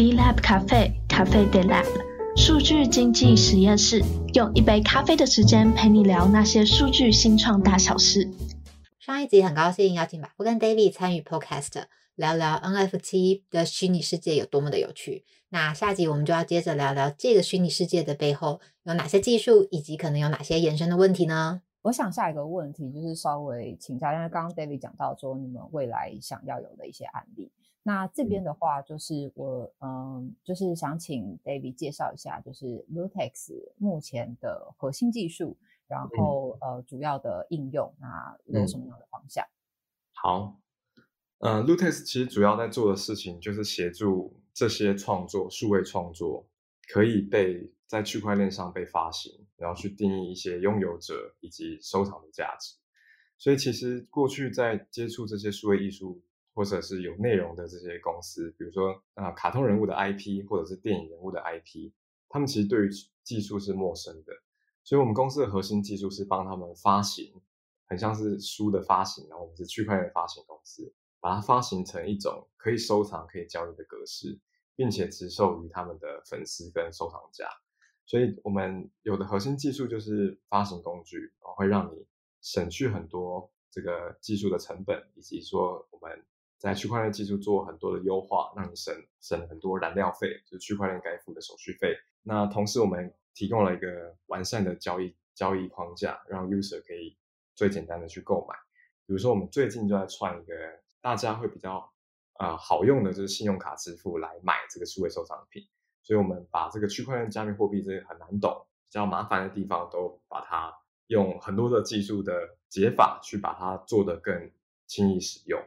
D Lab Cafe Cafe D Lab 數據經濟實驗室，用一杯咖啡的時間陪你聊那些數據新創大小事。上一集很高興邀請 Bofu 跟 David 參與 Podcast，聊聊 NFT 的虛擬世界有多麼的有趣。那下一集我們就要接着聊聊這個虛擬世界的背後有哪些技術，以及可能有哪些延伸的問題呢？我想下一個問題就是稍微請教下，因為剛剛 David 講到說你們未來想要有的一些案例。那這邊的話，就是我嗯，嗯，就是想請 David 介紹一下，就是 Lootex 目前的核心技術，然後、嗯、呃，主要的應用啊，那有什麼樣的方向？嗯、好，呃，Lootex 其實主要在做的事情，就是協助這些創作，數位創作可以被在區塊鏈上被發行，然後去定義一些擁有者以及收藏的價值。所以其實過去在接觸這些數位藝術。或者是有內容的這些公司，比如說啊、呃，卡通人物的 IP 或者是電影人物的 IP，他們其實對於技術是陌生的，所以我們公司的核心技術是幫他們發行，很像是書的發行，然後我們是區塊鏈發行公司，把它發行成一種可以收藏、可以交易的格式，並且只授予他們的粉絲跟收藏家。所以我們有的核心技術就是發行工具、哦，會讓你省去很多這個技術的成本，以及說我們。在區塊鏈技術做很多的優化，讓你省省很多燃料費，就是區塊鏈該付的手續費。那同時，我們提供了一個完善的交易交易框架，讓 user 可以最簡單的去購買。比如說，我們最近就在創一個大家會比較啊、呃、好用的，就是信用卡支付來買這個數位收藏品。所以，我們把這個區塊鏈加密貨幣這些很難懂、比較麻煩的地方，都把它用很多的技術的解法去把它做得更輕易使用。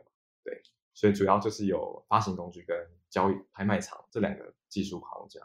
對。所以主要就是有發行工具跟交易拍賣場這兩個技術框架。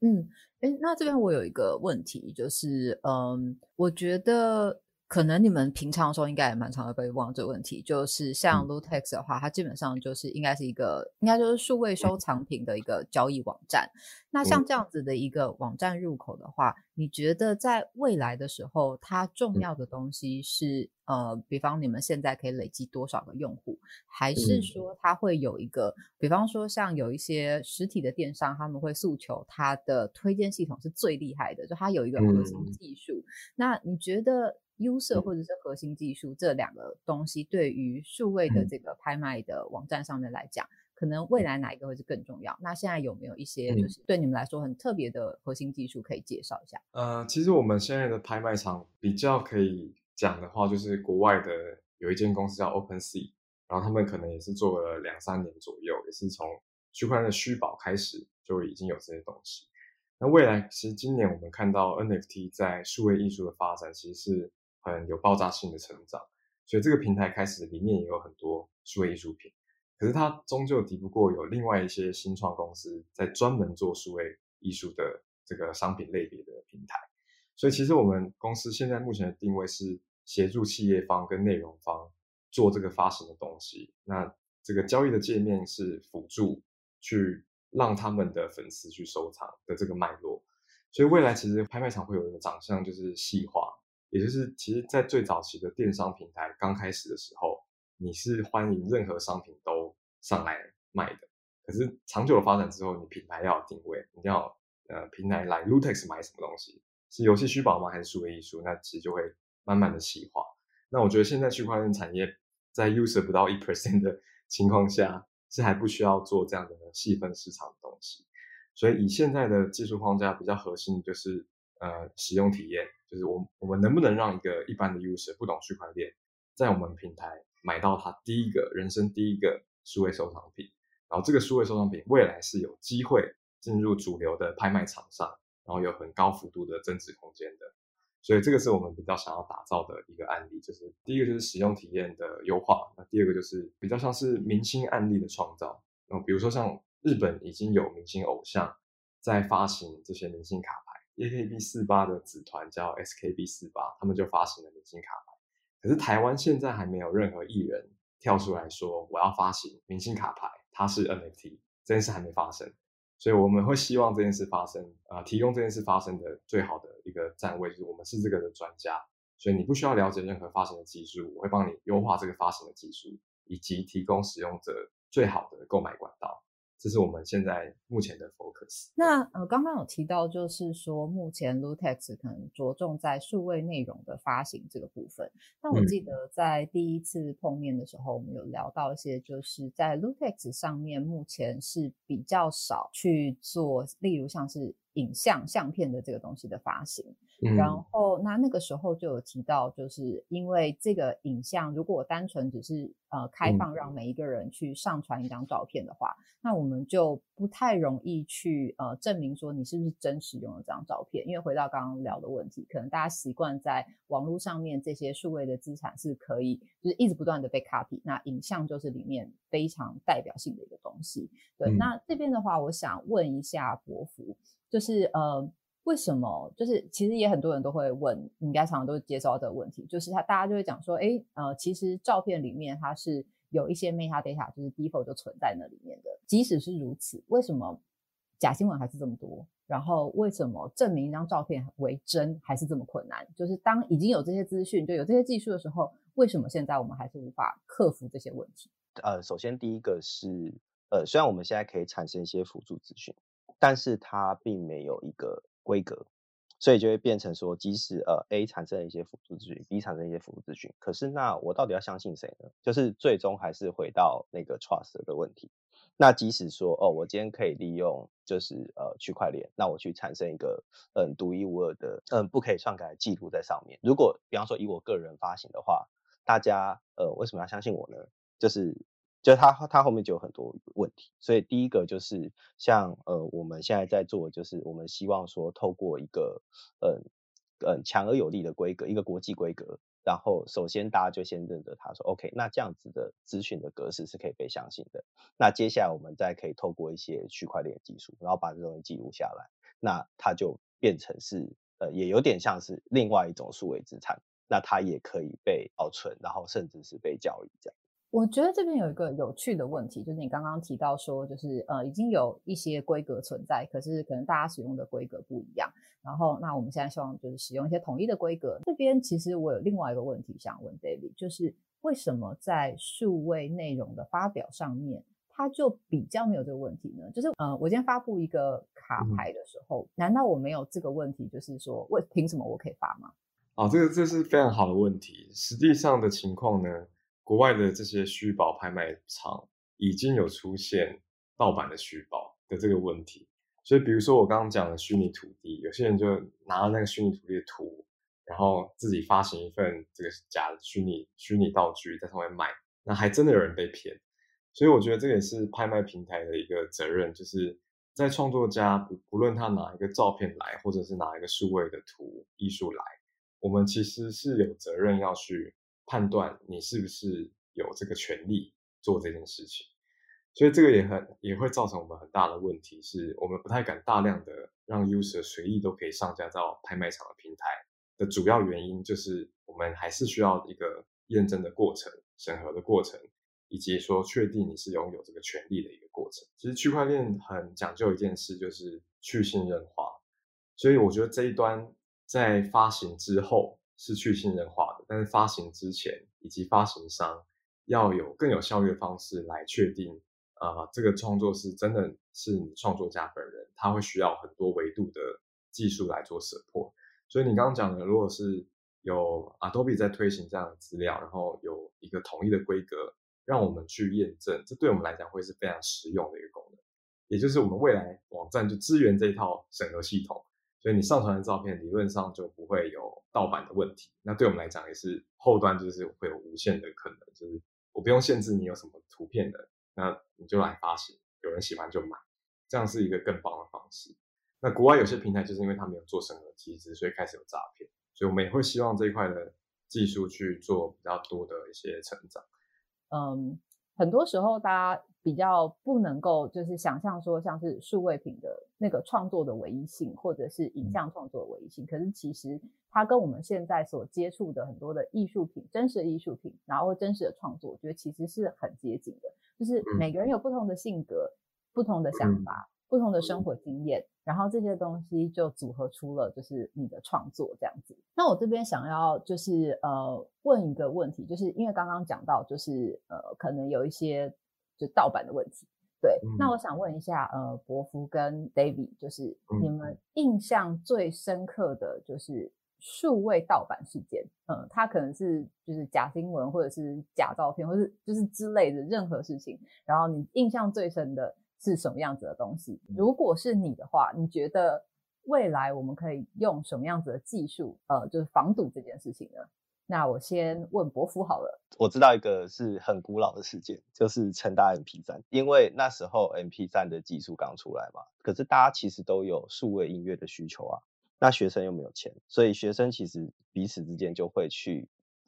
嗯，誒，那這邊我有一個問題，就是，嗯，我覺得。可能你們平常的時候應該也蠻常會被問這個問題，就是像 Lootex 的話，嗯，它基本上就是應該是一個，應該就是數位收藏品的一個交易網站。那像這樣子的一個網站入口的話，嗯，你覺得在未來的時候，它重要的東西是，嗯、呃，比方你們現在可以累積多少個用戶，還是說它會有一個，比方說像有一些實體的電商，他們會訴求它的推薦系統是最厲害的，就它有一個核心技術、嗯。那你覺得？優勢或者是核心技術這兩個東西，對於數位的這個拍賣的網站上面來講，嗯、可能未來哪一個會是更重要？嗯、那現在有沒有一些就是對你們來說很特別的核心技術可以介紹一下？嗯、呃，其實我們現在的拍賣場比較可以講的話，就是國外的有一間公司叫 OpenSea，然後他們可能也是做了兩三年左右，也是從區塊鏈的虛寶開始就已經有這些東西。那未來其實今年我們看到 NFT 在數位藝術的發展，其實是。很有爆炸性的成長，所以這個平台開始裡面也有很多數位藝術品，可是它終究敵不過有另外一些新創公司在專門做數位藝術的這個商品類別的平台。所以其實我們公司現在目前的定位是協助企業方跟內容方做這個發行的東西，那這個交易的界面是輔助去讓他們的粉絲去收藏的這個脈絡。所以未來其實拍賣場會有一個長相就是細化。也就是，其實，在最早期的電商平台剛開始的時候，你是歡迎任何商品都上來賣的。可是，長久的發展之後，你品牌要有定位，你要呃，平台來 Lootex 買什麼東西？是遊戲虛寶嗎？還是數位藝術？那其實就會慢慢的細化。那我覺得，現在區塊鏈產業在 user 不到一 percent 的情況下，是還不需要做這樣的細分市場的東西。所以，以現在的技術框架比較核心的就是。呃，使用體驗就是我，我們能不能讓一個一般的 user 不懂區塊鏈，在我們平台買到他第一個人生第一個數位收藏品，然後這個數位收藏品未來是有機會進入主流的拍賣場上，然後有很高幅度的增值空間的。所以這個是我們比較想要打造的一個案例，就是第一個就是使用體驗的優化，那第二個就是比較像是明星案例的創造，嗯，比如說像日本已經有明星偶像在發行這些明星卡。A K B 48的子團叫 S K B 48，他們就發行了明星卡牌。可是台灣現在還沒有任何藝人跳出來說我要發行明星卡牌，它是 NFT，這件事還沒發生。所以我們會希望這件事發生，啊、呃，提供這件事發生的最好的一個站位，就是我們是這個的專家，所以你不需要了解任何發行的技術，我會幫你優化這個發行的技術，以及提供使用者最好的購買管道。這是我們現在目前的 focus。那呃，剛剛有提到，就是說目前 Lootex 可能着重在數位內容的發行這個部分。但我記得在第一次碰面的時候，我們有聊到一些，就是在 Lootex 上面目前是比較少去做，例如像是影像、相片的這個東西的發行。然後，那那個時候就有提到，就是因為這個影像，如果我單純只是呃開放讓每一個人去上傳一張照片的話，嗯、那我們就不太容易去呃證明說你是不是真實用了這張照片。因為回到剛剛聊的問題，可能大家習慣在網絡上面這些數位的資產是可以就是一直不斷的被 copy。那影像就是裡面非常代表性的一個東西。對，嗯、那這邊的話，我想問一下伯父就是呃。為什麼？就是其實也很多人都會問，應該常常都會接受到這個問題，就是他大家就會講說，哎，呃，其實照片裡面它是有一些 metadata，就是 default 就存在那裡面的。即使是如此，為什麼假新聞還是這麼多？然後為什麼證明一張照片為真還是這麼困難？就是當已經有這些資訊，就有這些技術的時候，為什麼現在我們還是無法克服這些問題？呃，首先第一個是，呃，雖然我們現在可以產生一些輔助資訊，但是它並沒有一個。規格，所以就會變成說，即使呃 A 產生一些輔助資訊，B 產生一些輔助資訊，可是那我到底要相信誰呢？就是最終還是回到那個 trust 的問題。那即使說哦，我今天可以利用就是呃區塊鏈，那我去產生一個嗯呃、獨一無二的嗯、呃、不可以篡改的記錄在上面。如果比方說以我個人發行的話，大家呃為什麼要相信我呢？就是。就它它後面就有很多問題，所以第一個就是像呃我們現在在做，就是我們希望說透過一個嗯嗯強而有力的規格，一個國際規格，然後首先大家就先認得它，說 OK，那這樣子的資訊的格式是可以被相信的。那接下來我們再可以透過一些區塊鏈技術，然後把這東西記錄下來，那它就變成是呃也有點像是另外一種數位資產，那它也可以被保存，然後甚至是被交易這樣。我覺得這邊有一個有趣的問題，就是你剛剛提到說，就是呃，已經有一些規格存在，可是可能大家使用的規格不一樣。然後，那我們現在希望就是使用一些統一的規格。這邊其實我有另外一個問題想問 David，就是為什麼在數位內容的發表上面，它就比較沒有這個問題呢？就是呃，我今天發佈一個卡牌的時候，嗯、難道我沒有這個問題？就是說，為、憑什麼我可以發嗎？哦，這個這是非常好的問題。實際上的情況呢？國外的這些虛寶拍賣場已經有出現盜版的虛寶的這個問題，所以比如說我剛剛講的虛擬土地，有些人就拿那個虛擬土地的圖，然後自己發行一份這個假的虛擬虛擬道具在上面賣，那還真的有人被騙。所以我覺得這也是拍賣平台的一個責任，就是在創作家不不論他拿一個照片來，或者是拿一個數位的圖藝術來，我們其實是有責任要去。判斷你是不是有這個權利做這件事情，所以這個也很也會造成我們很大的問題，是我們不太敢大量的讓 user 隨意都可以上架到拍賣場的平台的主要原因，就是我們還是需要一個驗證的過程、審核的過程，以及說確定你是擁有這個權利的一個過程。其實區塊鏈很講究一件事，就是去信任化，所以我覺得這一端在發行之後。是去信任化的，但是發行之前以及發行商要有更有效率的方式來確定，啊、呃，這個創作是真的是你創作家本人，他會需要很多維度的技術來做 support。所以你剛剛講的，如果是有 Adobe 在推行這樣的資料，然後有一個統一的規格，讓我們去驗證，這對我們來講會是非常實用的一個功能，也就是我們未來網站就支援這一套審核系統。所以你上傳的照片理論上就不會有盜版的問題，那對我們來講也是後端，就是會有無限的可能，就是我不用限制你有什麼圖片的，那你就來發行，有人喜歡就買，這樣是一個更棒的方式。那國外有些平台就是因為他沒有做審核機制，所以開始有詐騙，所以我們也會希望這一塊的技術去做比較多的一些成長。嗯、um...。很多時候，大家比較不能夠就是想象說，像是數位品的那個創作的唯一性，或者是影像創作的唯一性。嗯。可是其實它跟我們現在所接觸的很多的藝術品，真實的藝術品，然後真實的創作，我覺得其實是很接近的。就是每個人有不同的性格、不同的想法、嗯、不同的生活經驗。然後這些東西就組合出了，就是你的創作這樣子。那我這邊想要就是呃問一個問題，就是因為剛剛講到就是呃可能有一些就盜版的問題，對。嗯、那我想問一下呃伯父跟 David，就是你們印象最深刻的就是數位盜版事件，嗯、呃，他可能是就是假新聞或者是假照片，或是就是之類的任何事情，然後你印象最深的。是什麼樣子的東西？如果是你的話，你覺得未來我們可以用什麼樣子的技術，呃，就是防堵這件事情呢？那我先問伯父好了。我知道一個是很古老的事件，就是成大 MP3，因為那時候 MP3 的技術剛出來嘛，可是大家其實都有數位音樂的需求啊。那學生又沒有錢，所以學生其實彼此之間就會去。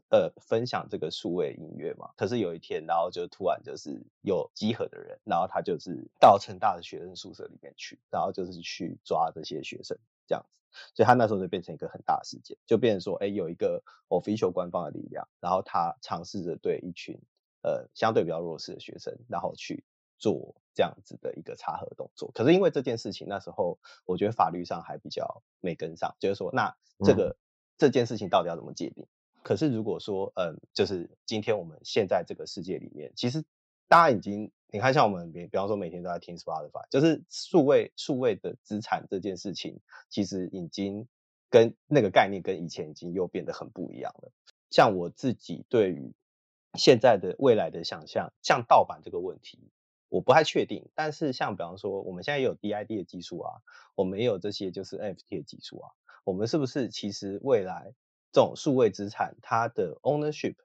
呃，分享這個數位音樂嘛，可是有一天，然後就突然就是有集合的人，然後他就是到成大的學生宿舍裡面去，然後就是去抓這些學生這樣子，所以他那時候就變成一個很大的事件，就變成說，哎，有一個 official 官方的力量，然後他嘗試着對一群呃相對比較弱勢的學生，然後去做這樣子的一個插合動作。可是因為這件事情，那時候我覺得法律上還比較沒跟上，就是說，那這個、嗯、這件事情到底要怎麼界定？可是如果說，嗯，就是今天我們現在這個世界裡面，其實大家已經，你看，像我們比比方說每天都在聽 Spotify，就是數位數位的資產這件事情，其實已經跟那個概念跟以前已經又變得很不一樣了。像我自己對於現在的未來的想象，像盜版這個問題，我不太確定。但是像比方說，我們現在有 DID 的技術啊，我們也有這些就是 NFT 的技術啊，我們是不是其實未來？這種數位資產，它的 ownership，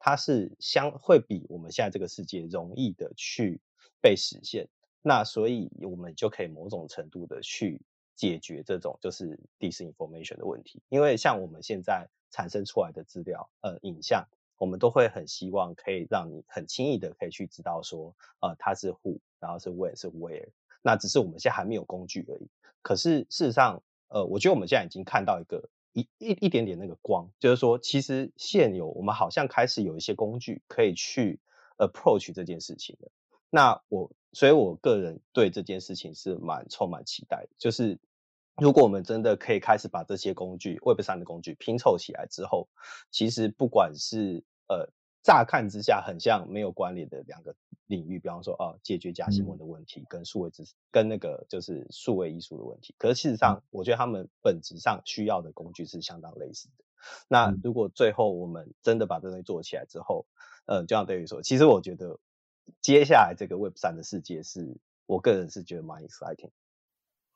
它是相會比我們現在這個世界容易的去被實現。那所以我們就可以某種程度的去解決這種就是 disinformation 的問題。因為像我們現在產生出來的資料、呃影像，我們都會很希望可以讓你很輕易的可以去知道說，呃，它是 who，然後是 when，是 where。那只是我們現在還沒有工具而已。可是事實上，呃，我覺得我們現在已經看到一個。一一一點點那個光，就是說，其實現有我們好像開始有一些工具可以去 approach 這件事情的。那我，所以我個人對這件事情是蠻充滿期待的。就是如果我們真的可以開始把這些工具，Web 3的工具拼湊起來之後，其實不管是呃。乍看之下，很像沒有關聯的兩個領域，比方說，哦，解決假新聞的問題、嗯、跟數位知識，跟那個就是數位藝術的問題。可是事實上、嗯，我覺得他們本質上需要的工具是相當類似的。那如果最後我們真的把這東西做起來之後，呃，就像等於說，其實我覺得接下來這個 Web 三的世界是我個人是覺得蠻 exciting。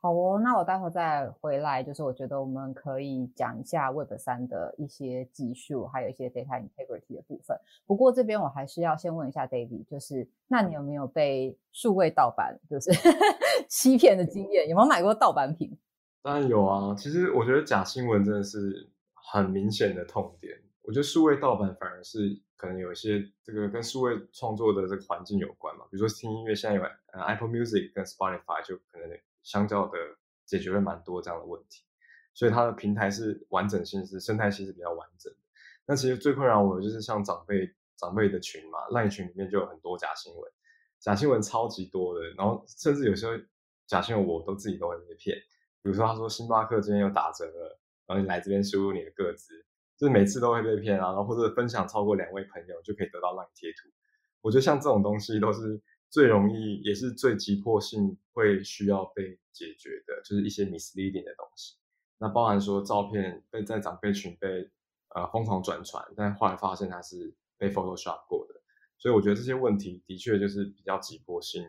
好哦，那我待會再回來。就是我覺得我們可以講一下 Web 三的一些技術，還有一些 Data Integrity 的部分。不過這邊我還是要先問一下 d a v d 就是那你有沒有被數位盜版就是 欺騙的經驗？有沒有買過盜版品？當然有啊。其實我覺得假新聞真的是很明顯的痛點。我覺得數位盜版反而是可能有一些這個跟數位創作的這個環境有關嘛。比如說聽音樂，現在有 Apple Music 跟 Spotify，就可能。相較的解決了蠻多這樣的問題，所以它的平台是完整性，是生態系，是比較完整的。那其實最困擾我的就是像長輩長輩的群嘛，LINE 群裡面就有很多假新聞，假新聞超級多的。然後甚至有時候假新聞我都自己都會被騙，比如說他說星巴克今天又打折了，然後你來這邊輸入你的個資，就是每次都會被騙啊。然後或者分享超過兩位朋友就可以得到 LINE 貼圖。我覺得像這種東西都是。最容易也是最急迫性會需要被解決的，就是一些 misleading 的東西。那包含說照片被在長輩群被呃瘋狂轉傳，但後來發現它是被 Photoshop 過的。所以我覺得這些問題的確就是比較急迫性，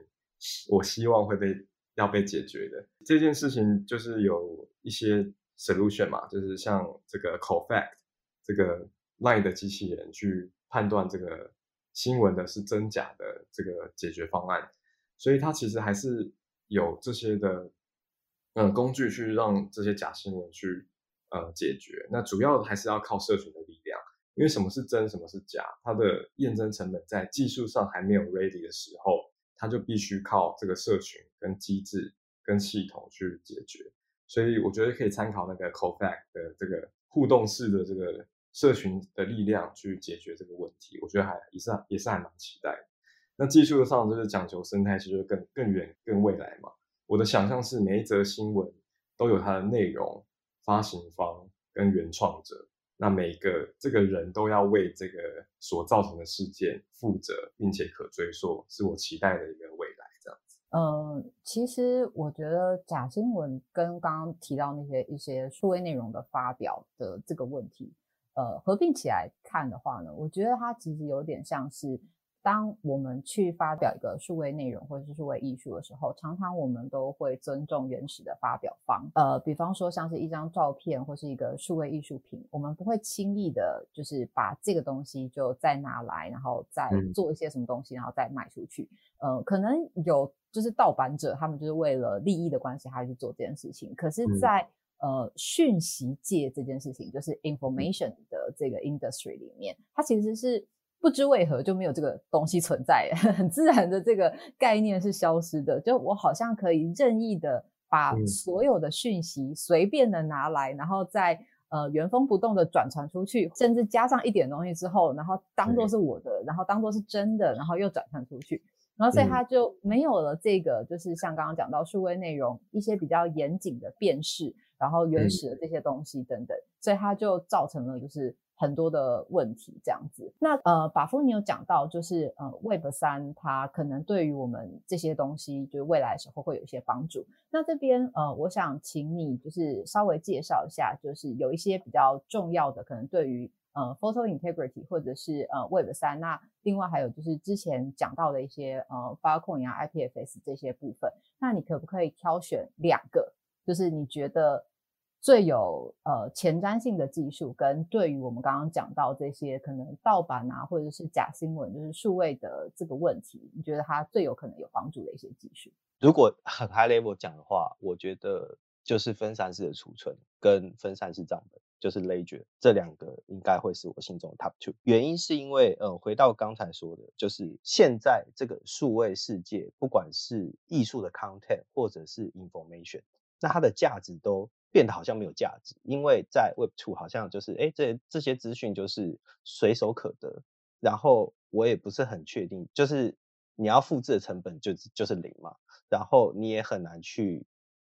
我希望會被要被解決的這件事情，就是有一些 solution 嘛，就是像這個 Cofacts 這個 LINE 的機器人去判斷這個。新聞的是真假的這個解決方案，所以它其實還是有這些的嗯工具去讓這些假新聞去呃、嗯、解決。那主要還是要靠社群的力量，因為什麼是真，什麼是假，它的驗證成本在技術上還沒有 ready 的時候，它就必須靠這個社群跟機制跟系統去解決。所以我覺得可以參考那個 Cofacts 的這個互動式的這個。社群的力量去解決這個問題，我覺得還也是也是還蠻期待的。那技術上就是講求生態，其實更更遠更未來嘛。我的想象是，每一則新聞都有它的內容發行方跟原創者，那每一個這個人都要為這個所造成的事件負責，並且可追溯，是我期待的一個未來這樣子。嗯，其實我覺得假新聞跟剛剛提到那些一些數位內容的發表的這個問題。呃，合併起來看的話呢，我覺得它其實有點像是，當我們去發表一個數位內容或者是數位藝術的時候，常常我們都會尊重原始的發表方。呃，比方說像是一張照片或是一個數位藝術品，我們不會輕易的，就是把這個東西就再拿來，然後再做一些什麼東西，然後再賣出去。嗯、呃，可能有就是盜版者，他們就是為了利益的關係，還去做這件事情。可是，在呃，訊息界這件事情，就是 information 的這個 industry 裡面，它其實是不知為何就沒有這個東西存在，很自然的這個概念是消失的。就我好像可以任意的把所有的訊息隨便的拿來，嗯、然後再呃原封不動的轉傳出去，甚至加上一點東西之後，然後當做是我的，嗯、然後當做是真的，然後又轉傳出去，然後所以它就沒有了這個，嗯、就是像剛剛講到數位內容一些比較嚴謹的辨識。然後原始的這些東西等等，所以它就造成了就是很多的問題這樣子。那呃，法夫你有講到就是呃 Web 三它可能對於我們這些東西，就是、未來的時候會有一些幫助。那這邊呃，我想請你就是稍微介紹一下，就是有一些比較重要的，可能對於呃 Photo Integrity 或者是呃 Web 三，那另外還有就是之前講到的一些呃，Filecoin 和 IPFS 這些部分，那你可不可以挑選兩個，就是你覺得？最有呃前瞻性的技術，跟對於我們剛剛講到這些可能盜版啊，或者是假新聞，就是數位的這個問題，你覺得它最有可能有幫助的一些技術？如果很 high level 講的話，我覺得就是分散式的儲存跟分散式賬本，就是 ledger 這兩個應該會是我心中的 top two。原因是因為，呃，回到剛才說的，就是現在這個數位世界，不管是藝術的 content 或者是 information，那它的價值都。變得好像沒有價值，因為在 Web2 好像就是哎、欸，這這些資訊就是隨手可得，然後我也不是很確定，就是你要複製的成本就就是零嘛，然後你也很難去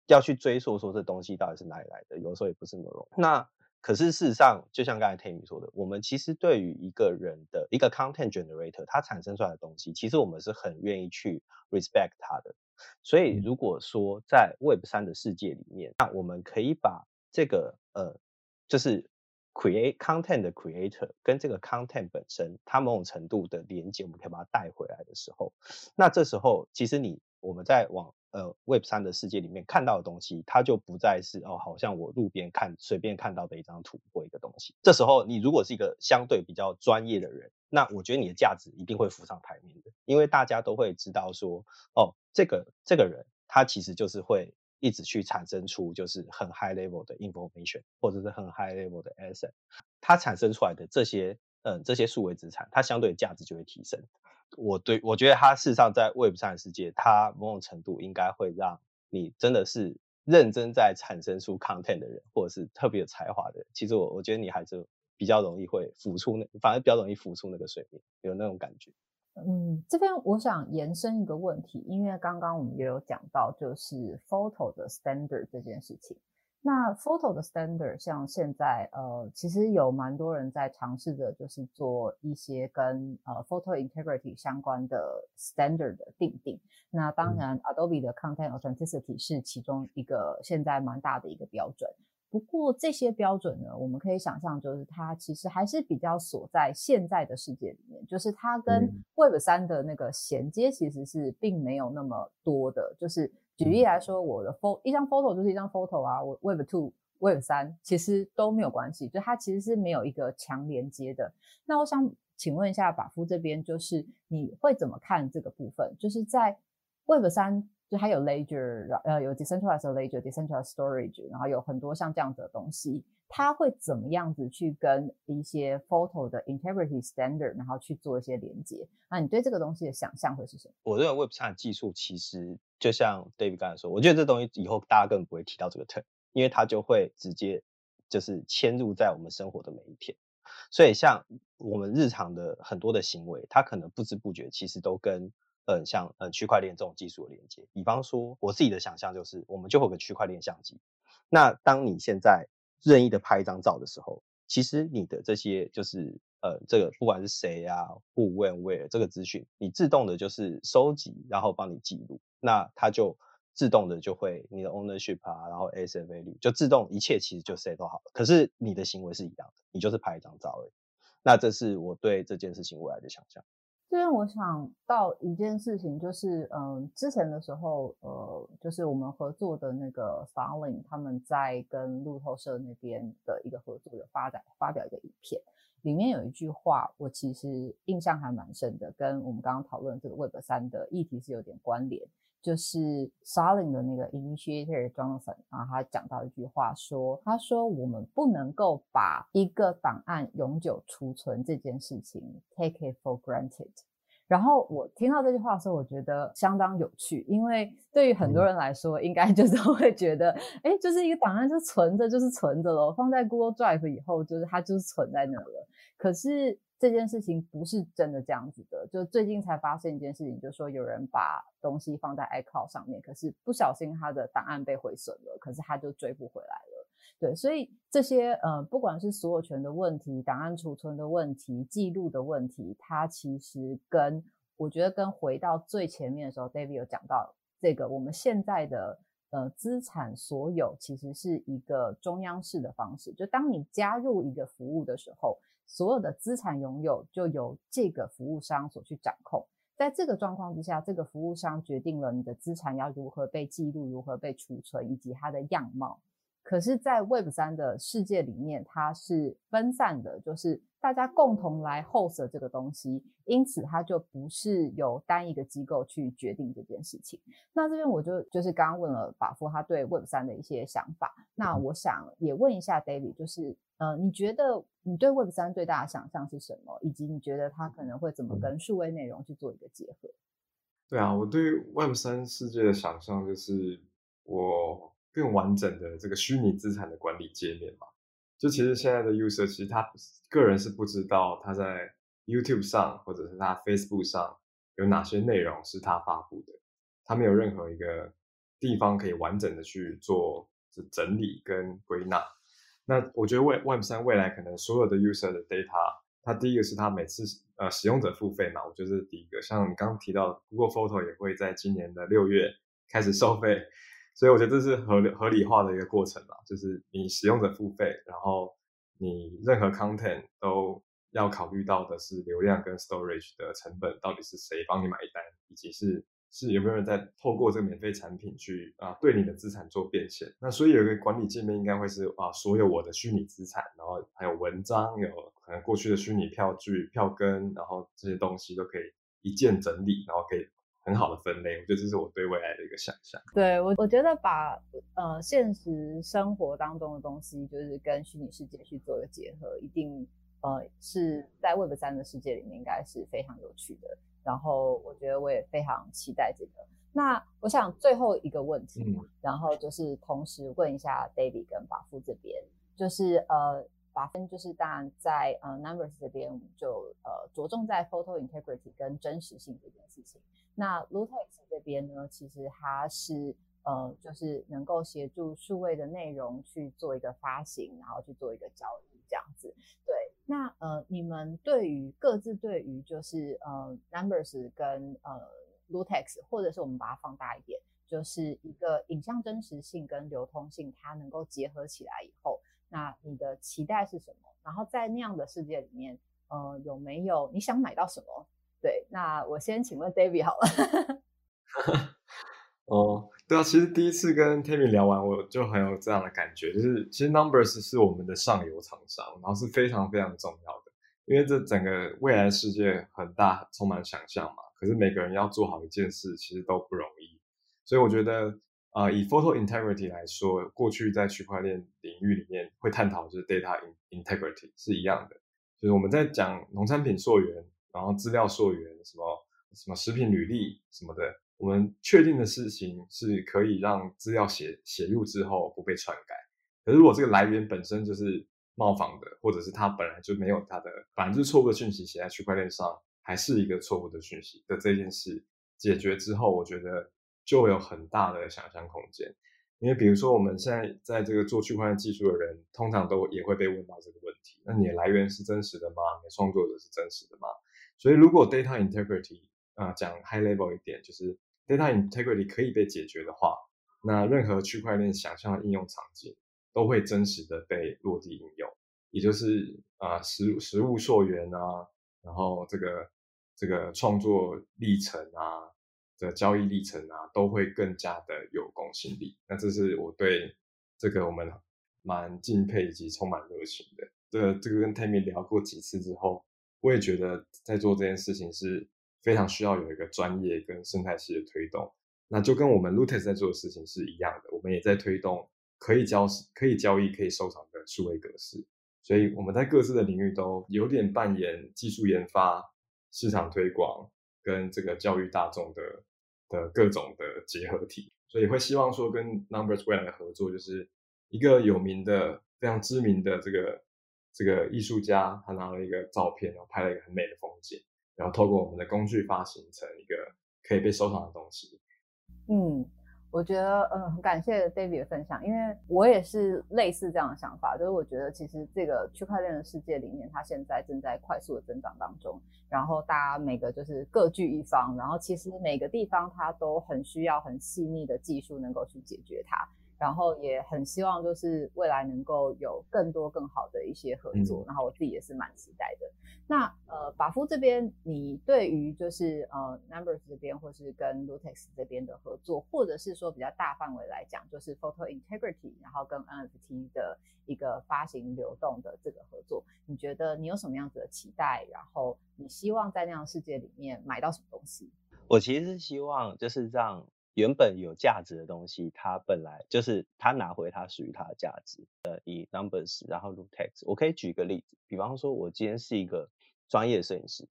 要去追溯說這東西到底是哪裡來的，有的時候也不是那麼容易。那可是事實上，就像剛才 Tammy 說的，我們其實對於一個人的一個 content generator，它產生出來的東西，其實我們是很願意去 respect 它的。所以如果說在 Web 三的世界裡面，嗯，那我們可以把這個呃，就是 create content 的 creator 跟這個 content 本身它某種程度的連接，我們可以把它帶回來的時候，那這時候其實你我們在往，呃，Web 3的世界裡面看到的東西，它就不再是哦，好像我路邊看隨便看到的一張圖或一個東西。這時候，你如果是一個相對比較專業的人，那我覺得你的價值一定會浮上台面的，因為大家都會知道說，哦，這個這個人他其實就是會一直去產生出就是很 high level 的 information 或者是很 high level 的 asset，他產生出來的這些嗯、呃、這些數位資產，它相對的價值就會提升。我對，我覺得它事實上在 Web 上世界，它某種程度應該會讓你真的是認真在產生出 content 的人，或者是特別有才華的人，其實我我覺得你還是比較容易會浮出那，反正比較容易浮出那個水面，有那種感覺。嗯，這邊我想延伸一個問題，因為剛剛我們也有講到，就是 photo 的 standard 這件事情。那 photo 的 standard，像現在，呃，其實有蠻多人在嘗試着，就是做一些跟呃 photo integrity 相關的 standard 的訂定。那當然，Adobe 的 Content Authenticity 是其中一個現在蠻大的一個標準。不過這些標準呢，我們可以想象，就是它其實還是比較鎖在現在的世界裡面，就是它跟 Web 三的那個銜接其實是並沒有那麼多的，就是。舉例來說，我的 photo 一張 photo 就是一張 photo 啊，我 web two web 三其實都沒有關係，就它其實是沒有一個強連接的。那我想請問一下法夫這邊，就是你會怎麼看這個部分？就是在 web 三，就它有 ledger，呃，有 decentralized ledger，decentralized storage，然後有很多像這樣子的東西，它會怎麼樣子去跟一些 photo 的 integrity standard，然後去做一些連接？那你對這個東西的想象會是什麼？我認為 web 三的技術其實。就像 David 剛才說，我覺得這東西以後大家更不會提到這個 term，因為它就會直接就是嵌入在我們生活的每一天。所以像我們日常的很多的行為，它可能不知不覺其實都跟嗯像嗯區塊鏈這種技術有連接。比方說，我自己的想象就是，我們就會有個區塊鏈相機。那當你現在任意的拍一張照的時候，其實你的這些就是。呃，這個不管是誰啊，who, when, where 這個資訊，你自動的就是收集，然後幫你記錄，那它就自動的就會你的 ownership 啊，然後 SMA 率就自動一切其實就誰都好了。可是你的行為是一樣的，你就是拍一張照而已。那這是我對這件事情未來的想象。這邊我想到一件事情，就是嗯、呃，之前的時候，呃，就是我們合作的那個 Falling 他們在跟路透社那邊的一個合作的發展，發表一個影片。裡面有一句話，我其實印象還蠻深的，跟我們剛剛討論這個 Web 三的議題是有點關聯。就是 Salling 的那個 Initiator Jonathan，啊，他講到一句話說，說他說我們不能夠把一個檔案永久儲存這件事情 take it for granted。然後我聽到這句話的時候，我覺得相當有趣，因為對於很多人來說，嗯、應該就是會覺得，哎，就是一個檔案就存着就是存着咯，放在 Google Drive 以後，就是它就是存在那了。可是這件事情不是真的這樣子的，就最近才發生一件事情，就是說有人把東西放在 iCloud 上面，可是不小心他的檔案被毀損了，可是他就追不回來了。對，所以這些呃，不管是所有權的問題、檔案儲存的問題、記錄的問題，它其實跟我覺得跟回到最前面的時候，David 有講到這個，我們現在的呃資產所有其實是一個中央式的方式，就當你加入一個服務的時候。所有的資產擁有就由這個服務商所去掌控。在這個狀況之下，這個服務商決定了你的資產要如何被記錄、如何被儲存以及它的樣貌。可是，在 Web 三的世界裡面，它是分散的，就是大家共同來 host 這個東西，因此它就不是由單一個機構去決定這件事情。那這邊我就就是剛剛問了法夫他對 Web 三的一些想法，那我想也問一下 David，就是。嗯，你覺得你對 Web 三最大的想象是什麼？以及你覺得他可能會怎麼跟數位內容去做一個結合？嗯、對啊，我對 Web 三世界的想象就是我更完整的這個虛擬資產的管理界面嘛。就其實現在的 user 其實他個人是不知道他在 YouTube 上或者是他 Facebook 上有哪些內容是他發布的，他沒有任何一個地方可以完整的去做是整理跟歸納。那我覺得，Web3 未來可能所有的 user 的 data，它，第一個是它每次呃使用者付費嘛，我覺得是第一個。像你剛剛提到，Google Photo 也會在今年的六月開始收費，所以我覺得這是合合理化的一個過程嘛，就是你使用者付費，然後你任何 content 都要考慮到的是流量跟 storage 的成本到底是誰幫你買單，以及是。是有沒有人在透過這個免費產品去啊、呃、對你的資產做變現？那所以有一個管理界面應該會是啊、呃、所有我的虛擬資產，然後還有文章，有可能過去的虛擬票據、票根，然後這些東西都可以一鍵整理，然後可以很好的分類。我覺得這是我對未來的一個想象。對，我我覺得把呃現實生活當中的東西，就是跟虛擬世界去做一個結合，一定呃是在 Web 3的世界裡面應該是非常有趣的。然後我覺得我也非常期待這個。那我想最後一個問題，嗯、然後就是同時問一下 Davy 跟法夫這邊，就是呃，法芬，就是當然在呃 Numbers 這邊我們就，就呃着重在 Photo Integrity 跟真實性這件事情。那 Lootex 這邊呢，其實它是呃就是能夠協助數位的內容去做一個發行，然後去做一個交易。這樣子，對，那呃，你們對於各自對於就是呃，Numbers 跟呃，Lootex，或者是我們把它放大一點，就是一個影像真實性跟流通性，它能夠結合起來以後，那你的期待是什麼？然後在那樣的世界裡面，呃，有沒有你想買到什麼？對，那我先請問 David 好了。哦。對啊，其實第一次跟 Tammy 聊完，我就很有這樣的感覺，就是其實 Numbers 是我們的上游廠商，然後是非常非常重要的，因為這整個未來世界很大，充滿想象嘛。可是每個人要做好一件事，其實都不容易。所以我覺得，呃，以 Photo Integrity 來說，過去在區塊鏈領域裡面會探討，就是 Data Integrity 是一樣的，就是我們在講農產品溯源，然後資料溯源，什麼什麼食品履歷什麼的。我們確定的事情是可以讓資料寫寫入之後不被篡改。可是如果這個來源本身就是冒仿的，或者是它本來就沒有它的，反正是錯誤的訊息寫在區塊鏈上，還是一個錯誤的訊息的這件事解決之後，我覺得就有很大的想象空間。因為比如說我們現在在這個做區塊鏈技術的人，通常都也會被問到這個問題，那你的來源是真實的嗎？你的創作者是真實的嗎？所以如果 data integrity 啊，呃，講 high level 一點，就是 Data integrity 可以被解決的話，那任何區塊鏈想象的應用場景都會真實的被落地應用，也就是啊實實物溯源啊，然後這個這個創作歷程啊的、這個、交易歷程啊，都會更加的有公信力。那這是我對這個我們蠻敬佩以及充滿熱情的。這這個跟 Tammy 聊過幾次之後，我也覺得在做這件事情是。非常需要有一個專業跟生態系的推動，那就跟我們 Lootex 在做的事情是一樣的。我們也在推動可以交、可以交易、可以收藏的數位格式，所以我們在各自的領域都有點扮演技術研發、市場推廣跟這個教育大眾的的各種的結合體。所以會希望說跟 Numbers 未來的合作，就是一個有名的、非常知名的這個這個藝術家，他拿了一個照片，然後拍了一個很美的風景。然後透過我們的工具發行成一個可以被收藏的東西。嗯，我覺得嗯很感謝 David 的分享，因為我也是類似這樣的想法，就是我覺得其實這個區塊鏈的世界裡面，它現在正在快速的增長當中。然後大家每個就是各據一方，然後其實每個地方它都很需要很細膩的技術能夠去解決它。然後也很希望，就是未來能夠有更多更好的一些合作。嗯、然後我自己也是蠻期待的。那呃，法夫這邊，你對於就是呃，Numbers 這邊，或是跟 Lootex 這邊的合作，或者是說比較大範圍來講，就是 Photo Integrity，然後跟 NFT 的一個發行流動的這個合作，你覺得你有什麼樣子的期待？然後你希望在那樣的世界裡面買到什麼東西？我其實是希望，就是讓。原本有價值的東西，它本來就是它拿回它屬於它的價值。呃，以 Numbers，然後 Lootex，我可以舉一個例子，比方說，我今天是一個專業攝影師，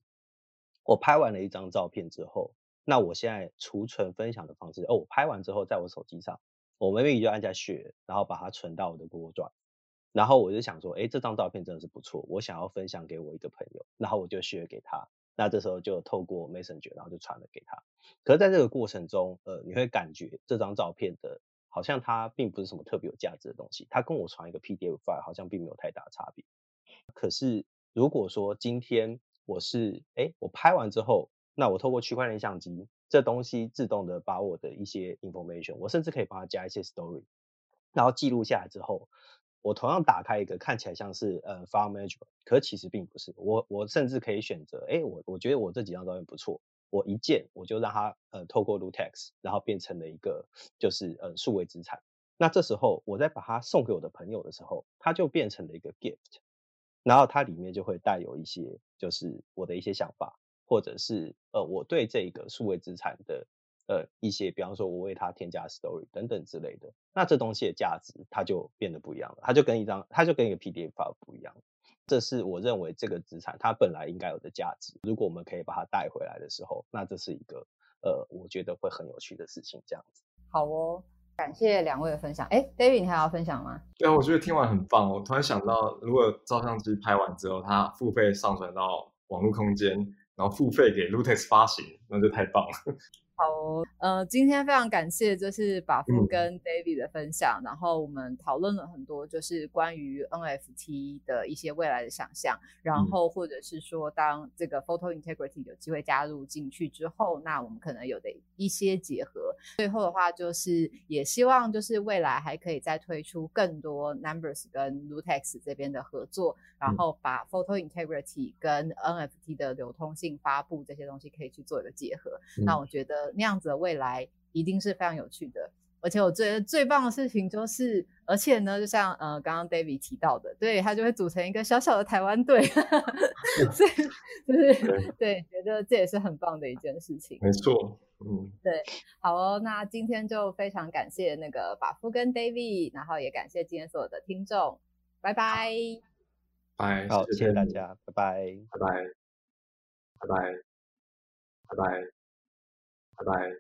我拍完了一張照片之後，那我現在儲存分享的方式，哦，我拍完之後，在我手機上，我明明就按下 share，然後把它存到我的 Google Drive，然後我就想說，誒、欸，這張照片真的是不錯，我想要分享給我一個朋友，然後我就 share 給他。那這時候就透過 Messenger，然後就傳了給他。可是在這個過程中，呃，你會感覺這張照片的，好像它並不是什麼特別有價值的東西，它跟我傳一個 PDF file 好像並沒有太大差別。可是如果說今天我是、欸，誒我拍完之後，那我透過區塊鏈相機這東西自動的把我的一些 information，我甚至可以幫他加一些 story，然後記錄下來之後。我同樣打開一個看起來像是呃 file m a n a g e t 可其實並不是。我我甚至可以選擇，哎、欸，我我覺得我這幾張照片不錯，我一鍵我就讓它呃透過 l u t e x 然後變成了一個就是呃數位資產。那這時候我再把它送給我的朋友的時候，它就變成了一個 gift，然後它裡面就會帶有一些就是我的一些想法，或者是呃我對這個數位資產的。呃，一些比方說，我為它添加 story 等等之類的，那這東西的價值，它就變得不一樣了。它就跟一張，它就跟一個 PDF 發不一樣。這是我認為這個資產它本來應該有的價值。如果我們可以把它帶回來的時候，那這是一個呃，我覺得會很有趣的事情。這樣子。好哦，感謝兩位的分享。哎，David，你還要分享嗎？對啊，我覺得聽完很棒哦，我突然想到，如果照相機拍完之後，它付費上傳到網絡空間，然後付費給 Lootex 發行，那就太棒了。好，呃，今天非常感謝，就是 Bofu 跟 David 的分享，mm. 然後我們討論了很多，就是關於 NFT 的一些未來的想象，然後或者是說，當這個 Photo Integrity 有機會加入進去之後，那我們可能有的一些結合。最後的話，就是也希望就是未來還可以再推出更多 Numbers 跟 Lootex 這邊的合作，然後把 Photo Integrity 跟 NFT 的流通性發布這些東西可以去做一個結合。Mm. 那我覺得。那樣子的未來一定是非常有趣的，而且我覺得最棒的事情就是，而且呢，就像呃剛剛 David 提到的，對他就會組成一個小小的台灣隊，就、嗯、是 對，對，對，覺得這也是很棒的一件事情。沒錯，嗯，對，好哦，那今天就非常感謝那個把夫跟 David，然後也感謝今天所有的聽眾，拜拜，拜好、哦，謝謝大家，拜拜，拜拜，拜拜，拜拜。拜拜。